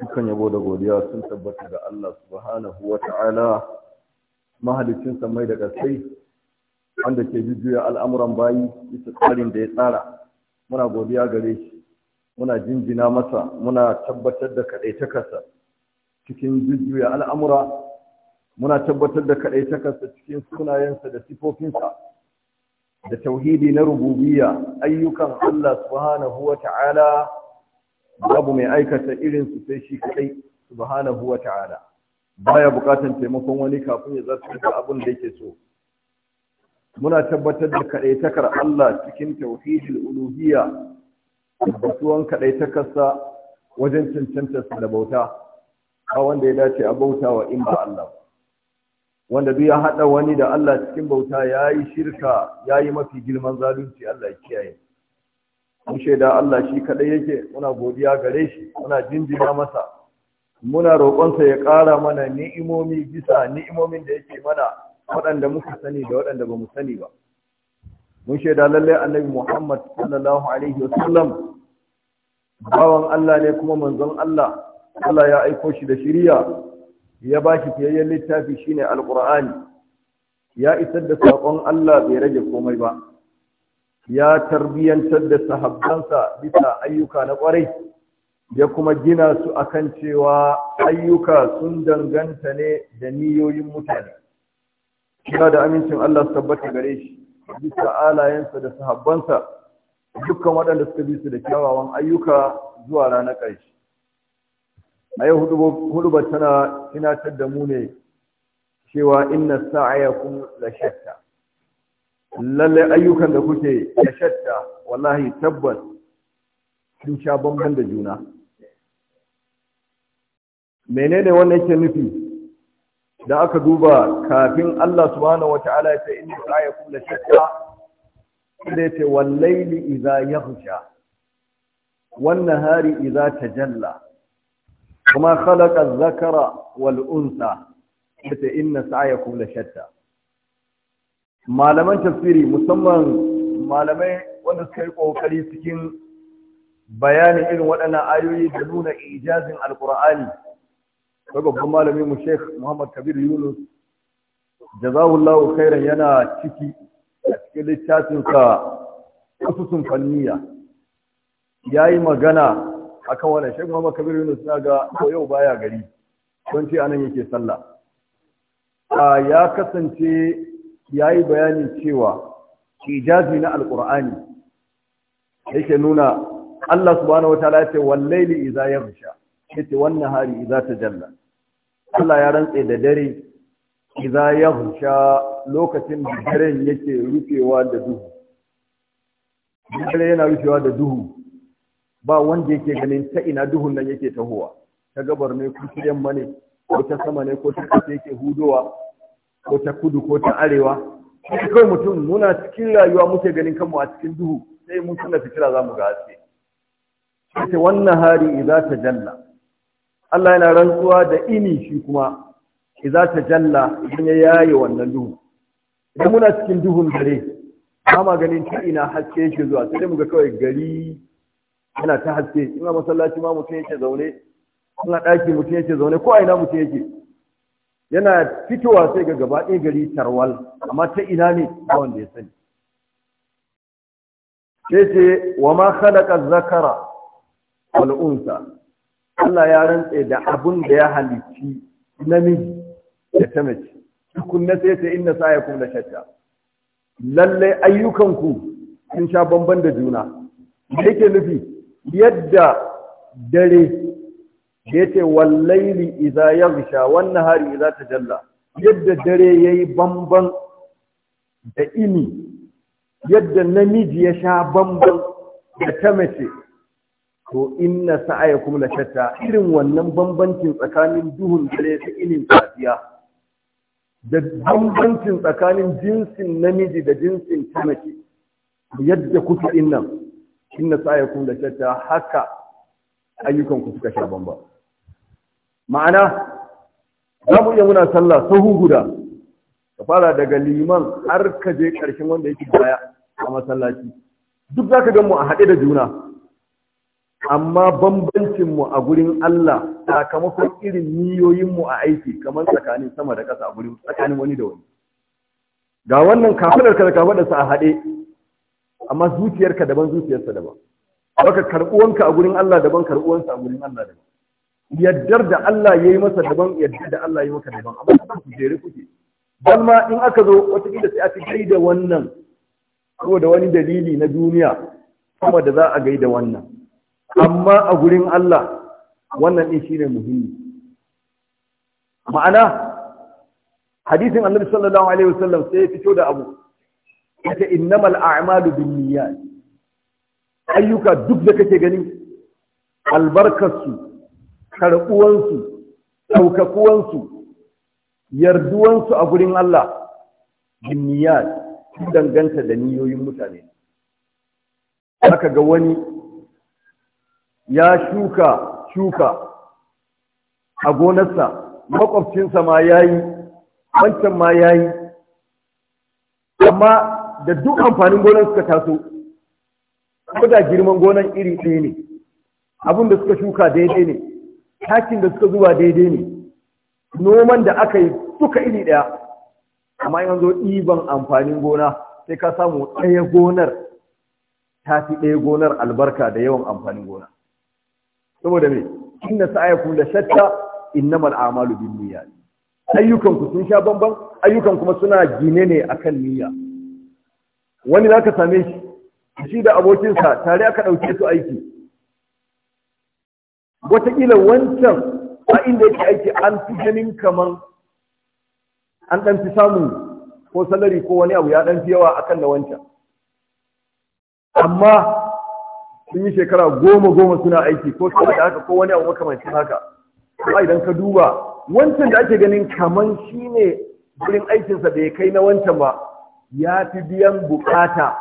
dukkan yabo da godiya sun tabbata ga Allah subhanahu wa ta'ala mahalicin samai da ƙasai wanda ke jujjuya al'amuran bayi bisa tsarin da ya tsara muna godiya gare shi muna jinjina masa muna tabbatar da kaɗaitakarsa cikin jujjuya al'amura muna tabbatar da kaɗaitakarsa cikin sunayensa da sifofinsa da tauhidi na rububiyya ayyukan Allah subhanahu wa ta'ala babu mai aikata irin su sai shi kadai subhanahu wa ta'ala baya bukatan taimakon wani kafin ya zartar da abin da yake so muna tabbatar da kadaitakar Allah cikin tauhidul uluhiyya batuwan sa wajen cancanta da bauta ba wanda ya dace a bauta wa in ba Allah wanda duk ya haɗa wani da Allah cikin bauta yayi shirka yayi mafi girman zalunci Allah ya kiyaye mun shaida Allah shi kaɗai yake muna godiya gare shi muna jinjina masa muna roƙonsa ya ƙara mana ni'imomi bisa ni'imomin da yake mana waɗanda muka sani da waɗanda ba mu sani ba mun shaida lallai annabi Muhammad sallallahu alaihi wa sallam bawan Allah ne kuma manzon Allah Allah ya aiko shi da shiriya ya ba shi fiyayyen littafi shine alqur'ani ya isar da saƙon Allah bai rage komai ba ya tarbiyantar da sahabbansa bisa ayyuka na ƙwarai? ya kuma gina su akan cewa ayyuka sun danganta ne da niyoyin mutane kira da amincin Allah su tabbata gare shi bisa alayensa da sahabbansa dukkan waɗanda suka bi su da kyawawan ayyuka zuwa ranar ƙarshe a yau hudubar tana tunatar da mu ne cewa inna sa'ayakum la shatta lalle ayyukan da kuke ya shatta wallahi tabbas sun sha bamban da juna menene wannan yake nufi da aka duba kafin Allah subhanahu wata'ala ya ce inni sa'yakum la shatta sai ce wallayli idza yaghsha wan nahari idza tajalla kuma khalaqa adh-dhakara wal unsa sai inna sa'yakum la shatta malaman tafsiri musamman malamai wanda suka yi kokari cikin bayanin irin waɗannan ayoyi da nuna ijazin alkur'ani ko babban malami mu sheikh muhammad kabir yunus jazahullahu khairan yana ciki a cikin sa kasusun fanniya yayi magana akan kan wannan sheikh muhammad kabir yunus na ga ko yau baya gari ce anan yake sallah A ya kasance ya yi bayanin cewa ijazi na alƙur'ani yake nuna Allah subhanahu wa ta'ala ce wallaili idza yaghsha yace wannan hari idza tajalla Allah ya rantse da dare idza yaghsha lokacin da dare yake rufewa da duhu dare yana rufewa da duhu ba wanda yake ganin ta ina duhun nan yake tahowa ta gabar ne ko ta yamma ne ko ta sama ne ko ta yake hudowa ko ta kudu ko ta arewa sai kawai mutum muna cikin rayuwa muke ganin kanmu a cikin duhu sai mun tuna fitila za mu ga haske sai wannan hari idza ta jalla Allah yana rantsuwa da ini shi kuma idza ta jalla idan ya yaye wannan duhu idan muna cikin duhun dare ba ganin ta ina haske shi zuwa sai dai muga kawai gari yana ta haske ina masallaci ma mutum yake zaune ina ɗaki mutum yake zaune ko a ina mutum yake yana fitowa sai ga gaba ɗin gari tarwal amma ta ina ne ba wanda ya sani sai ce wa ma khalaqa zakara wal unsa Allah ya rantse da abun da ya halicci namiji da ta mace tukunna sai ta inna sa'yakum la shatta lalle ayyukanku sun sha bamban da juna yake nufi yadda dare yace wallaili idza yaghsha wan za ta jalla yadda dare yayi bamban da ini yadda namiji ya sha bamban da ta mace to inna sa'ayakum la shatta irin wannan bambancin tsakanin duhun dare da inin safiya da bambancin tsakanin jinsin namiji da jinsin ta mace yadda kuke innan inna sa'ayakum la shatta haka ayyukan ku suka sha bamban ma'ana za mu iya muna sallah sahu guda ka fara daga liman har ka je ƙarshen wanda yake baya a masallaci duk za ka gan mu a haɗe da juna amma bambancinmu a gurin Allah sakamakon irin mu a aiki kamar tsakanin sama da ƙasa a gurin tsakanin wani da wani ga wannan kafinar ka da su a haɗe amma zuciyarka daban zuciyarsa daban baka karɓuwanka a gurin Allah daban karɓuwansa a gurin Allah daban yaddar da Allah ya yi masa daban yaddar da Allah ya yi maka daban amma kan ku jere kuke dan in aka zo wata kila sai a fi da wannan ko da wani dalili na duniya kuma da za a gai da wannan amma a gurin Allah wannan din shine muhimmi ma'ana hadisin annabi sallallahu alaihi wasallam sai ya fito da abu yace innamal a'malu binniyat ayyuka duk da kake gani albarkarsu karɓuwansu ɗaukakuwansu yarduwansu a gurin Allah jinniyat sun danganta da niyoyin mutane aka ga wani ya shuka shuka a gonarsa makwabcinsa ma ya yi wancan ma ya yi amma da duk amfanin gonar suka taso ko da girman gonar iri ɗaya ne abin da suka shuka daidai ne takin da suka zuba daidai ne noman da aka yi suka iri ɗaya amma in zo ɗiban amfanin gona sai ka samu ɗaya gonar ta fi ɗaya gonar albarka da yawan amfanin gona saboda me inna sa'ayakum la shatta innamal a'malu binniyat ayyukan ku sun sha bamban ayyukan kuma suna gine ne akan niyya wani zaka same shi shi da abokinsa tare aka ɗauke su aiki wataƙila wancan a inda yake aiki an fi ganin kamar an ɗan fi samu ko salari ko wani abu ya ɗan fi yawa akan da wancan amma sun yi shekara goma goma suna aiki ko sama da haka ko wani abu makamancin haka Ba idan ka duba wancan da ake ganin kamar shi ne wurin aikinsa da ya kai na wancan ba ya fi biyan bukata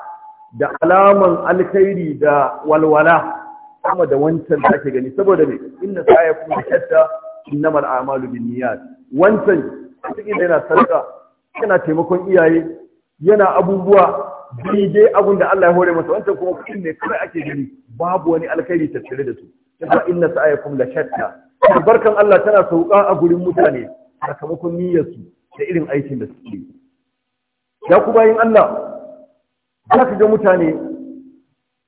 da alaman alkhairi da walwala sama da wancan da ake gani saboda me inna sa'yakum shatta innamal a'malu niyyat wancan cikin da yana sarka yana taimakon iyaye yana abubuwa daidai abun da Allah ya hore masa wancan kuma kudin ne kawai ake gani babu wani alkhairi tattare da su kuma inna sa'yakum la shatta barkan Allah tana sauka a gurin mutane sakamakon su da irin aikin da suke ya ku bayin Allah za ka ga mutane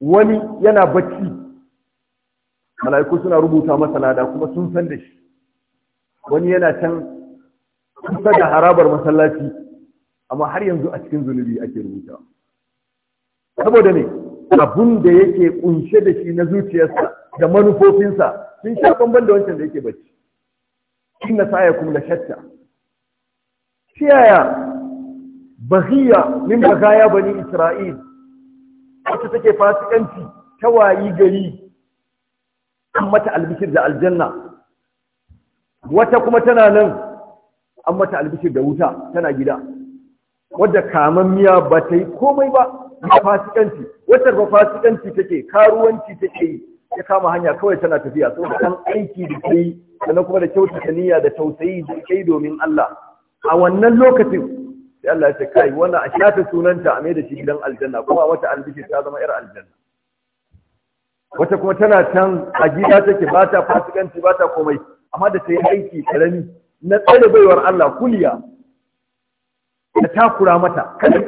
wani yana bacci mala'iku suna rubuta masa lada kuma sun san da shi wani yana can kusa da harabar masallaci amma har yanzu a cikin zunubi ake rubuta saboda ne abun da yake kunshe da shi na zuciyarsa da manufofinsa sun sha bamban da wancan da yake bacci ya kuma da shatta shi yaya bahiya min bagaya bani isra'il wacce take fasikanci wayi gari an mata albishir da aljanna wata kuma tana nan an mata albishir da wuta tana gida wadda miya ba ta yi komai ba ba fasikanci wata ba fasikanci take karuwanci take yi ya kama hanya kawai tana tafiya saboda an aiki da yi sannan kuma da ta niyya da tausayi da kai domin Allah a wannan lokacin sai Allah ya ce kai wannan a shafe sunanta a mai da shi gidan aljanna kuma wata albishir ta zama 'yar aljanna wata kuma tana can a gida take ba ta fasikanci ba ta komai amma da ta yi aiki karami na tsare baiwar Allah kuliya ta takura mata kada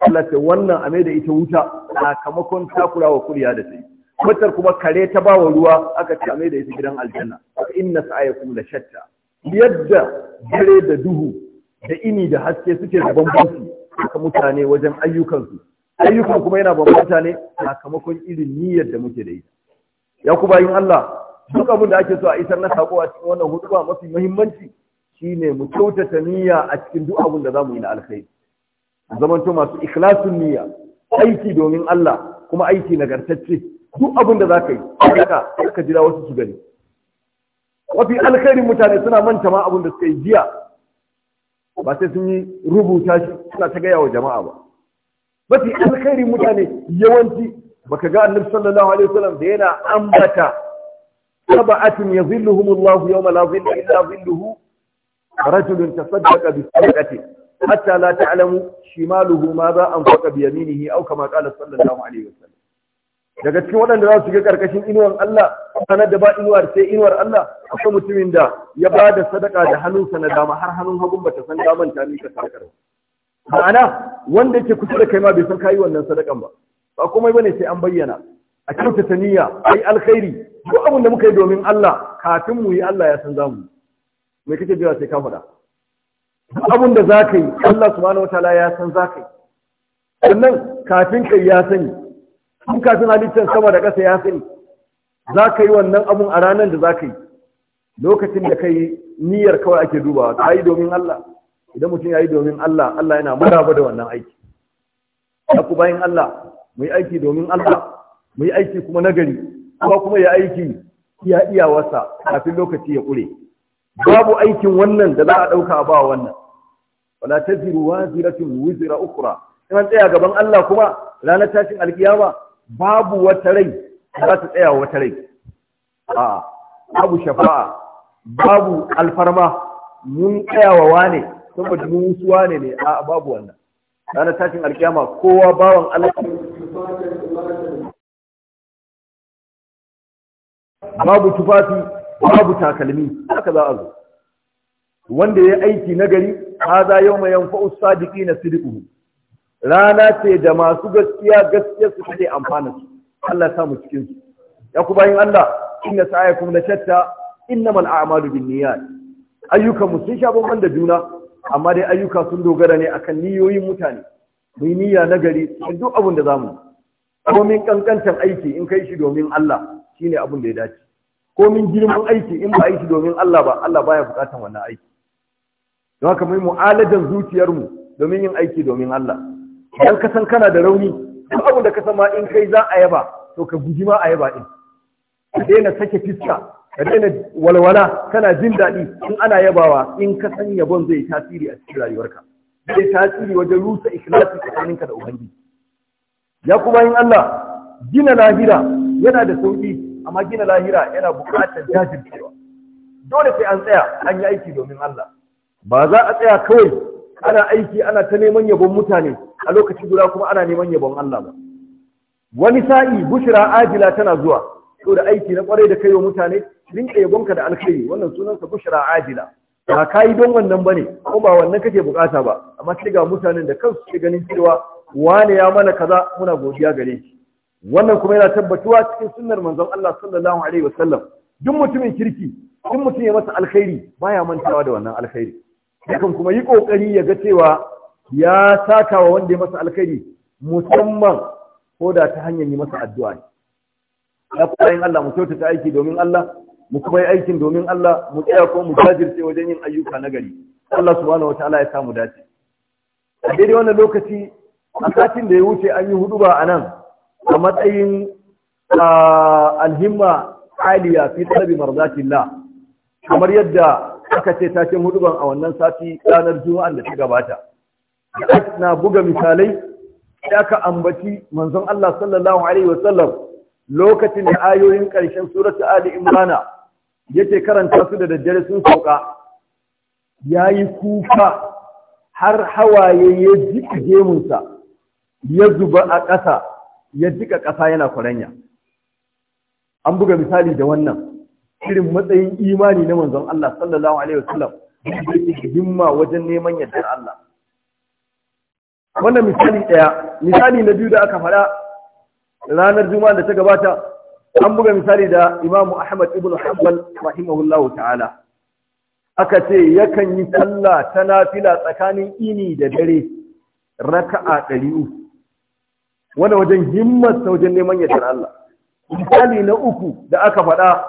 Allah ta wannan a da ita wuta sakamakon takura wa kuliya da ta yi matar kuma kare ta bawa ruwa aka ce a da ita gidan aljanna inna sa'ayakum la shatta yadda dare da duhu da ini da haske suke da bambanci aka mutane wajen ayyukansu ayyukan kuma yana bambanta ne sakamakon irin niyyar da muke da ita ya ku bayin Allah duk abin da ake so a isar na sako a cikin wannan hudu mafi muhimmanci shine mu kyautata niyya a cikin duk abin da za mu yi na alkhairi Zaman to masu ikhlasun niyya aiki domin Allah kuma aiki nagartacce duk abin da za ka yi haka ka jira wasu su gani mafi alkhairin mutane suna manta ma abin da suka yi jiya ba sai sun yi rubuta shi suna ta gaya wa jama'a ba mafi alkhairin mutane yawanci baka ga annabi sallallahu alaihi wasallam da yana ambata sab'atun yadhilluhumullahu yawma la dhilla illa dhilluhu rajulun tasaddaqa bi sadaqati hatta la ta'lamu shimaluhu ma za anfaqa bi yaminihi aw kama qala sallallahu alaihi wasallam daga cikin waɗanda za su shiga karkashin inuwar Allah sanar da ba inuwar sai inuwar Allah akwai mutumin da ya ba da sadaka da hannunsa na dama har hannun hagun ta san daman ta mika sadakar ma'ana wanda yake kusa da kai ma bai san kayi wannan sadakan ba ba komai bane sai an bayyana a kyautata niyya ai alkhairi duk abin da muka yi domin Allah kafin mu yi Allah ya san zamu me kake jira sai ka faɗa duk abin da zaka yi Allah subhanahu wataala ya san zaka yi sannan kafin kai ya sani kun kafin halittar sama da ƙasa ya sani zaka yi wannan abun a ranar da za yi lokacin da ka niyyar kawai ake dubawa kai yi domin Allah idan mutum ya yi domin Allah Allah yana maraba da wannan aiki ya ku bayan Allah mu yi aiki domin Allah mu yi aiki kuma nagari kuma kuma ya aiki iya iyawarsa kafin lokaci ya ƙure babu aikin wannan da za a ɗauka ba wannan wala taziru waziratun wizra ukra in an tsaya gaban Allah kuma ranar tashin alkiyama babu wata rai za ta tsaya wata rai a babu shafa'a babu alfarma mun tsaya wa wane saboda jimin wusuwa ne ne a babu wannan ranar tashin alkiyama kowa bawan Allah babu tufafi babu takalmi haka za a zo wanda ya aiki nagari, ha za yau mai yanfa usadiki na sidiku rana ce da masu gaskiya gaskiya su kaɗe amfana su Allah ya samu cikin su ya ku bayin Allah inna sa'ayakum la shatta innamal a'malu binniyat ayyukan mu sun sha bamban da juna amma dai ayyuka sun dogara ne akan niyoyin mutane mai niyya na gari cikin duk abin da zamu komin kankantan aiki in kai shi domin Allah shine abin da ya dace komin girman aiki in ba aiki domin Allah ba Allah baya bukatan wannan aiki don haka mu mu'alajan zuciyarmu domin yin aiki domin Allah idan ka san kana da rauni duk abin da ka san ma in kai za a yaba to ka guji ma a yaba din ka daina sake fiska ka daina walwala kana jin daɗi in ana yabawa in ka san yabon zai tasiri a cikin rayuwarka zai tasiri wajen rusa ikhlasi tsakaninka da ubangiji ya kuma yin Allah gina lahira yana da sauƙi amma gina lahira yana buƙatar jajircewa dole sai an tsaya an yi aiki domin Allah ba za a tsaya kawai ana aiki ana ta neman yabon mutane a lokaci guda kuma ana neman yabon Allah ba wani sa'i bushira ajila tana zuwa to da aiki na kwarai da kai wa mutane rinka yabonka da alkhairi wannan sunansa bushra ajila ba kai yi don wannan ba ko ba wannan kake bukata ba amma sai mutanen da kansu ke ganin cewa wani ya mana kaza muna godiya gare shi wannan kuma yana tabbatuwa cikin sunnar manzon Allah sallallahu alaihi wasallam duk mutumin kirki duk mutum ya masa alkhairi baya mantawa da wannan alkhairi yakan kuma yi kokari ya ga cewa ya saka wa wanda ya masa alkhairi musamman ko da ta hanyar yi masa addu'a ne ya kuma yin Allah mu kyautata aiki domin Allah mu kuma yi aikin domin Allah mu tsaya ko mu jajirce wajen yin ayyuka na gari Allah subhanahu ya samu dace a daidai wannan lokaci a satin da ya wuce an yi hudu ba a nan a matsayin alhimma aliya fi talabi marzatillah kamar yadda aka ce taken huduban a wannan sati ranar juma'an da ta gabata na buga misalai ya aka ambaci manzon Allah sallallahu alaihi wasallam lokacin da ayoyin ƙarshen surata Ali Imrana yake karanta su da daddare sun sauka ya yi kuka har hawaye ya jika gemunsa ya zuba a ƙasa ya jika ƙasa yana kwaranya an buga misali da wannan irin matsayin imani na manzon Allah sallallahu alaihi wasallam yake himma wajen neman yadda Allah wannan misali ɗaya misali na biyu da aka faɗa ranar juma'a da ta gabata an buga misali da Imam Ahmad ibn Hanbal rahimahullahu ta'ala aka ce yakan yi sallah ta nafila tsakanin ini da dare raka'a ɗari uku. wanda wajen himmar ta wajen neman yardar Allah misali na uku da aka faɗa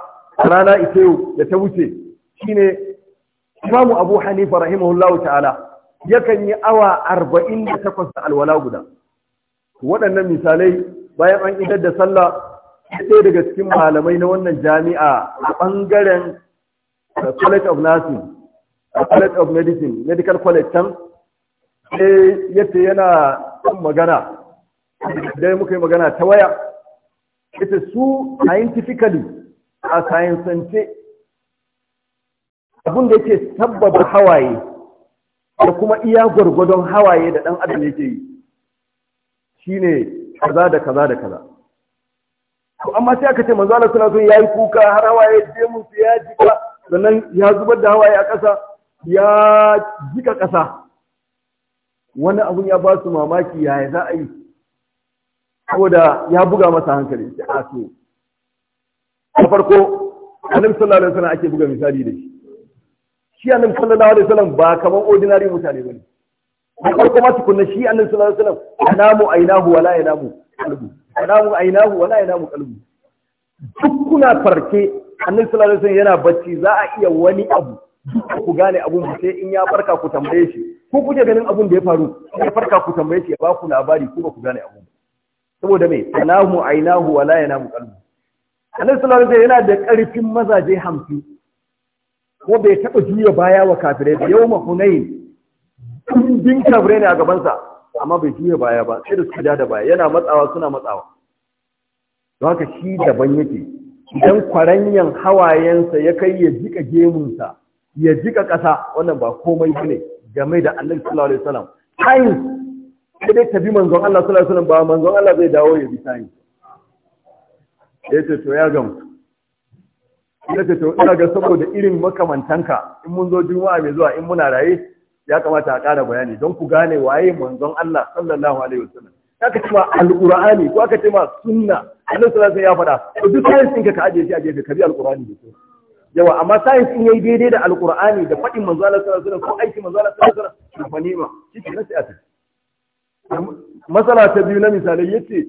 rana ita yau da ta wuce shine imamu Abu Hanifa rahimahullahu ta'ala yakan yi awa arba'in da takwas da alwala guda waɗannan misalai bayan an idar da sallah ɗaya daga cikin malamai na wannan jami'a a ɓangaren college of nursing a college of medicine medical college can sai yadda yana son magana dai muka yi magana ta waya ita su scientifically a science abin da yake sabbaba hawaye da kuma iya gwargwadon hawaye da ɗan adam yake yi shine kaza da kaza da kaza to amma sai aka ce manzo Allah sallallahu alaihi wasallam yayi kuka har hawaye je mun ya jika sannan ya zubar da hawaye a ƙasa ya jika ƙasa wani abun ya ba su mamaki yaya za a yi saboda ya buga masa hankali sai a so na farko annabi sallallahu alaihi wasallam ake buga misali da shi shi annabi sallallahu alaihi wasallam ba kamar ordinary mutane bane da farko ma tukunna shi annabi sallallahu alaihi wasallam anamu ainahu wala yanamu qalbu anamu ainahu wala yanamu qalbu duk kuna farke annabi sallallahu alaihi wasallam yana bacci za a iya wani abu ku gane abun sai in ya farka ku tambaye shi ko kuke ganin abun da ya faru ya farka ku tambaye shi ya ba ku labari ku ba ku gane abun saboda me anamu ainahu wala yanamu qalbu annabi sallallahu alaihi wasallam yana da karfin mazaje hamsin, ko bai taba juya baya wa kafirai da yawma hunain ɗin kafirai ne a gabansa amma bai juya baya ba sai da suka ja da baya yana matsawa suna matsawa don haka shi daban yake idan kwaranyan hawayensa ya kai ya jika gemunsa ya jika ƙasa wannan ba komai ne, game da annabi sallallahu alaihi wasallam times sai dai tabi manzon Allah sallallahu alaihi wasallam ba manzon Allah zai dawo ya bi times yace to ya gamu. ina to ina ga saboda irin makamantanka in mun zo juma'a mai zuwa in muna raye ya kamata a ƙara bayani don ku gane waye manzon Allah sallallahu alaihi wasallam aka ce ma alqur'ani ko aka cewa sunna annabi sallallahu alaihi wasallam ya faɗa to duk sai kinka ka ajiye shi aje ka bi alqur'ani da sunna yawa amma sai kin yi daidai da alqur'ani da faɗin manzon Allah sallallahu alaihi wasallam ko aiki manzon Allah sallallahu alaihi wasallam ba nima shi ne sai a ta masala ta biyu na misalai yace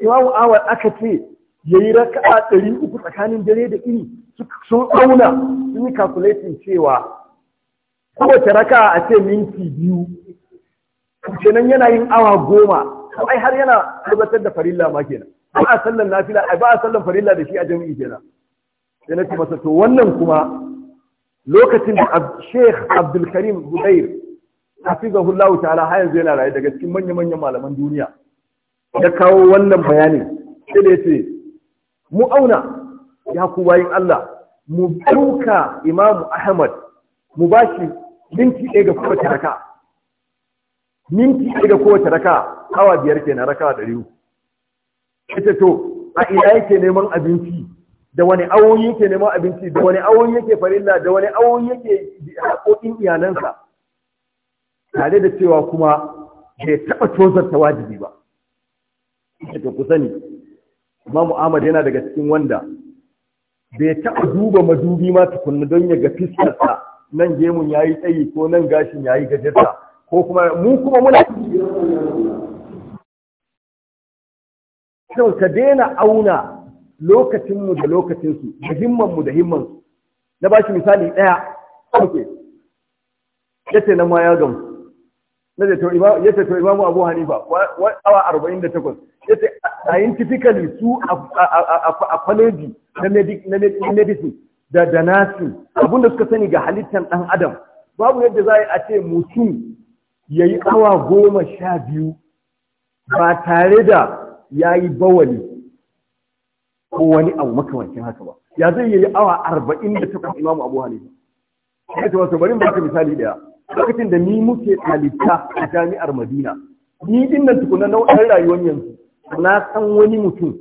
imam awal aka ce yayi raka'a 300 tsakanin dare da ini sun auna sun yi calculating cewa kowace raka a ce minti biyu kenan yana yin awa goma ai har yana tabbatar da farilla ma kenan ba a sallan nafila ai ba a sallan farilla da shi a jami'i kenan sai na ce masa to wannan kuma lokacin da Sheikh Abdul Karim Hudair hafizahullahu ta'ala har yanzu yana raye daga cikin manya-manyan malaman duniya ya kawo wannan bayanin sai da yace mu auna ya ku bayin Allah mu ɗauka Imam Ahmad mu bashi minti ɗaya ga kowace raka minti ɗaya ga kowace raka awa biyar kenan raka ɗari uku ita to a ina yake neman abinci da wani awon yake neman abinci da wani awon yake farilla da wani awon yake haƙoƙin iyalansa tare da cewa kuma bai taɓa ta wajibi ba ita to ku sani Amma mu'amad yana daga cikin wanda bai taɓa duba madubi ma tukunna don ya ga fiskarsa nan gemun ya yi tsayi ko nan gashin ya yi gajarta ko kuma mu kuma muna kyau ka daina auna lokacinmu da lokacinsu da himmanmu da himmansu na ba shi misali ɗaya ɗauke ya ce nan ma ya gamu na ya ce to imamu abu hanifa awa arba'in da takwas ya ce scientifically su a kwaleji na medicine da danasi abinda suka sani ga halittar ɗan adam babu yadda za a ce mutum ya yi awa goma sha biyu ba tare da ya yi bawali ko wani abu makamancin haka ba ya zai yi awa arba'in da takwas imamu abu hanifa ya ce wasu barin baka misali ɗaya. lokacin da ni muke halitta a jami'ar madina ni din nan tukuna nau'in rayuwar yanzu na san wani mutum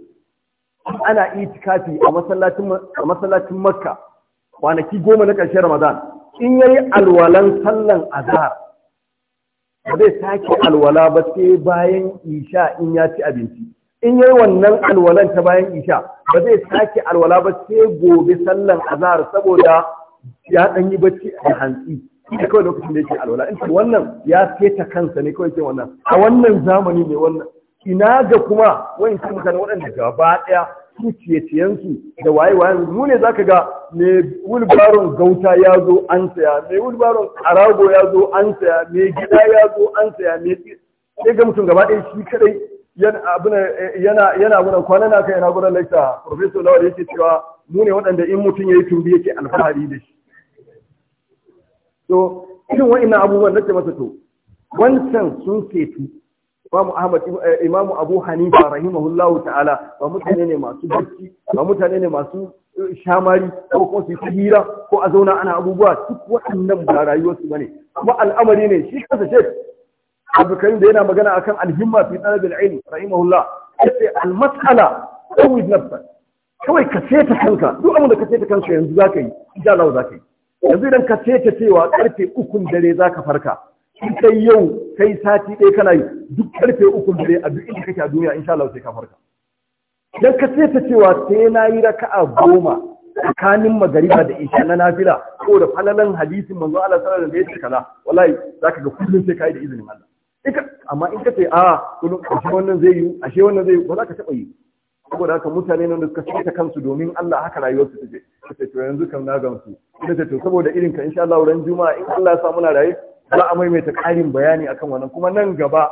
ana itikafi a masallacin makka kwanaki goma na ƙarshen ramadan in ya yi alwalan sallan azhar ba zai sake alwala ba sai bayan isha in ya ci abinci in yi wannan alwalan ta bayan isha ba zai sake alwala ba sai gobe sallan azhar saboda ya dan yi bacci a hantsi ita kawai lokacin da yake alwala in wannan ya feta kansa ne kawai ke wannan a wannan zamani ne wannan ina ga kuma wani sun mutane waɗanda gaba ɗaya su ciye-ciyensu da waye-wayen mu ne za ka ga mai wulbaron gauta ya zo an saya mai wulbaron arago ya zo an saya mai gida ya zo an saya mai sai ga mutum gaba ɗaya shi kadai yana eh, gudan kwanan na yana gudan laita professor lawal yake cewa mu ne waɗanda in mutum ya yi tumbi yake alfahari da shi so irin wa'annan abubuwan nake masa to wancan sun ceto. imamu ahmad imamu abu hanifa rahimahullahu ta'ala ba mutane ne masu bacci ba mutane ne masu eh, shamari ko kuma su hira ko a zauna ana abubuwa duk waɗannan ba rayuwarsu bane kuma al'amari ne shi kansa shek abdulkarim da yana magana akan alhimma fi talabil ilm rahimahullah sai al-mas'ala qawi nafsa kawai ka seta kanka duk abin da ka seta kanka yanzu zaka yi insha Allah zaka yi yanzu idan ka seta cewa karfe 3 dare zaka farka in kai yau kai sati ɗaya kana yi duk karfe uku dare a duk inda kake a duniya insha Allah sai ka farka dan ka sai ta cewa sai na yi raka'a goma tsakanin magariba da isha na nafila ko da falalan hadisin manzo Allah sallallahu alaihi wasallam kaza wallahi zaka ga kullun sai kai da izinin Allah amma in ka ce a kullun ashe wannan zai yi ashe wannan zai yi ba za ka taba yi saboda haka mutane nan da suka ta kansu domin Allah haka rayuwar su take sai to yanzu kan na gamsu kace to saboda irin ka insha Allah ran juma'a in Allah ya sa muna raye za a maimaita ƙarin bayani akan wannan kuma nan gaba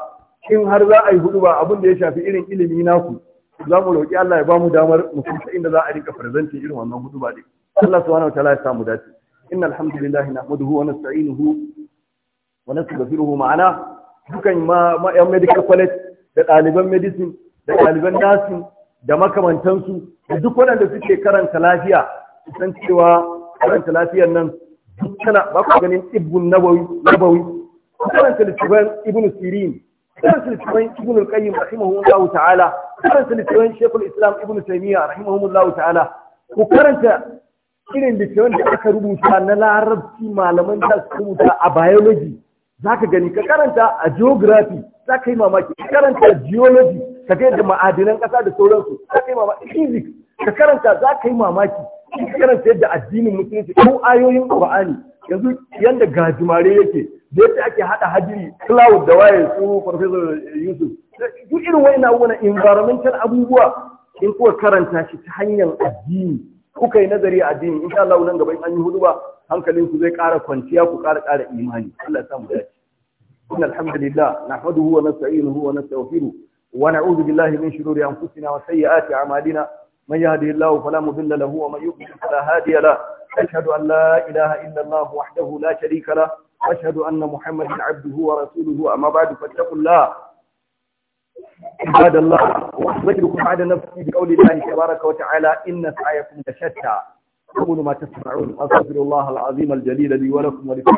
in har za a yi hudu ba abin da ya shafi irin ilimi naku za mu roƙi Allah ya ba mu damar mu kusa inda za a rinka farzanci irin wannan hudu ba dai Allah subhanahu wa ta'ala ya samu dace inna alhamdulillahi nahmaduhu wa nasta'inuhu wa nastaghfiruhu ma'ana dukan ma ma'yan medical college da ɗaliban medicine da ɗaliban nursing da makamantansu da duk waɗanda suke karanta lafiya san cewa karanta lafiyar nan kana ba ku ganin ibn nabawi nabawi karanta littafin ibn sirin karanta littafin ibn al-qayyim rahimahullahu ta'ala karanta littafin shaykhul islam ibn taymiya rahimahullahu ta'ala ku karanta irin littafin da aka rubuta na larabci malaman da su rubuta a biology zaka gani ka karanta a geography za ka yi mamaki ka karanta geology ka ga yadda ma'adinan ƙasa da sauransu za ka yi mamaki physics ka karanta za ka yi mamaki karanta yadda addinin musulunci ko ayoyin qur'ani yanzu yanda gajimare yake da yadda ake hada hajiri cloud da waye su professor yusuf duk irin na wani environmental abubuwa in kuka karanta shi ta hanyar addini kuka yi nazari a addini insha Allah nan gaba in an yi huduba hankalin ku zai ƙara kwanciya ku ƙara ƙara imani Allah ya samu dace wa nasta'inuhu wa nastaghfiruh wa na'udhu billahi min shururi anfusina wa sayyiati a'malina من يهده الله فلا مضل له ومن يضلل فلا هادي له أشهد أن لا إله إلا الله وحده لا شريك له وأشهد أن محمدا عبده ورسوله أما بعد فاتقوا الله عباد الله واحذركم بعد نفسي بقول الله تبارك وتعالى إن سعيكم لشتى قولوا ما تسمعون أستغفر الله العظيم الجليل لي ولكم ولكل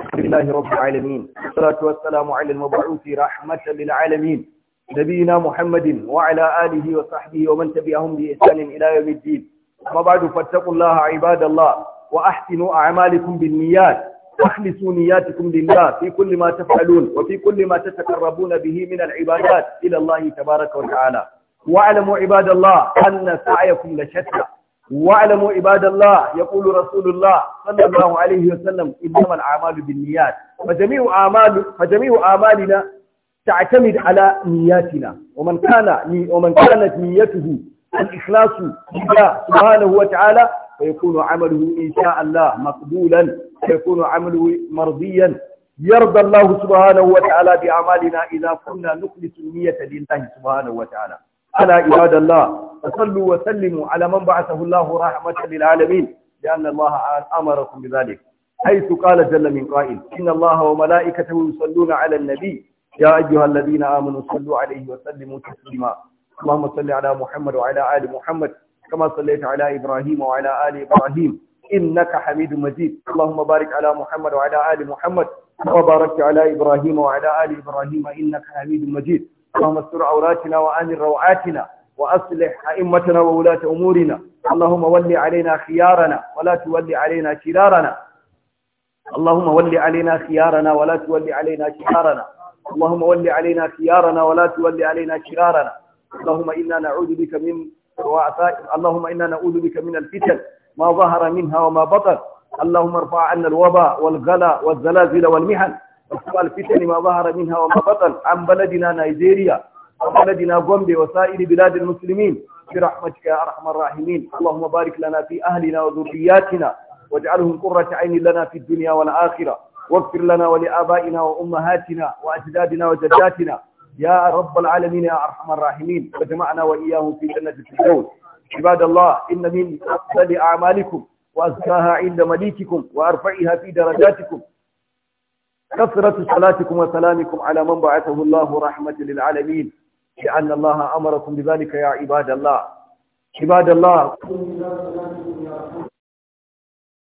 الحمد لله رب العالمين والصلاة والسلام على المبعوث رحمة للعالمين نبينا محمد وعلى آله وصحبه ومن تبعهم بإحسان إلى يوم الدين أما بعد فاتقوا الله عباد الله وأحسنوا أعمالكم بالنيات واخلصوا نياتكم لله في كل ما تفعلون وفي كل ما تتقربون به من العبادات إلى الله تبارك وتعالى واعلموا عباد الله أن سعيكم لشتى واعلموا عباد الله يقول رسول الله صلى الله عليه وسلم إنما الأعمال بالنيات فجميع أعمال فجميع أعمالنا تعتمد على نياتنا ومن كان ومن كانت نيته الإخلاص لله سبحانه وتعالى فيكون عمله إن شاء الله مقبولا فيكون عمله مرضيا يرضى الله سبحانه وتعالى بأعمالنا إذا كنا نخلص النية لله سبحانه وتعالى ألا عباد الله فصلوا وسلموا على من بعثه الله رحمة للعالمين لأن الله أمركم بذلك حيث قال جل من قائل إن الله وملائكته يصلون على النبي يا أيها الذين آمنوا صلوا عليه وسلموا تسليما اللهم صل على محمد وعلى آل محمد كما صليت على إبراهيم وعلى آل إبراهيم إنك حميد مجيد اللهم بارك على محمد وعلى آل محمد وباركت على إبراهيم وعلى آل إبراهيم إنك حميد مجيد اللهم استر عوراتنا وآمن روعاتنا وأصلح أئمتنا وولاة أمورنا اللهم ول علينا خيارنا ولا تول علينا شرارنا اللهم ول علينا خيارنا ولا تول علينا شرارنا اللهم ول علينا خيارنا ولا تول علينا شرارنا اللهم إنا نعوذ بك من اللهم إنا نعوذ بك من الفتن ما ظهر منها وما بطن اللهم ارفع عنا الوباء والغلا والزلازل والمحن asbal fitani ma zahara minha wa ma batan an baladina nigeria wa gombe wa biladin biladil muslimin bi rahmatika ya arhamar rahimin allahumma barik lana fi ahlina wa dhurriyyatina waj'alhum qurrata ayni lana fid dunya wal akhirah واغفر لنا ولآبائنا وأمهاتنا وأجدادنا وجداتنا يا رب العالمين يا أرحم الراحمين وجمعنا وإياهم في جنة الفردوس عباد الله إن من أفضل أعمالكم Wa عند مليككم hafi da درجاتكم كثرة صلاتكم وسلامكم على من بعثه الله رحمة للعالمين لأن الله أمركم بذلك يا عباد الله عباد الله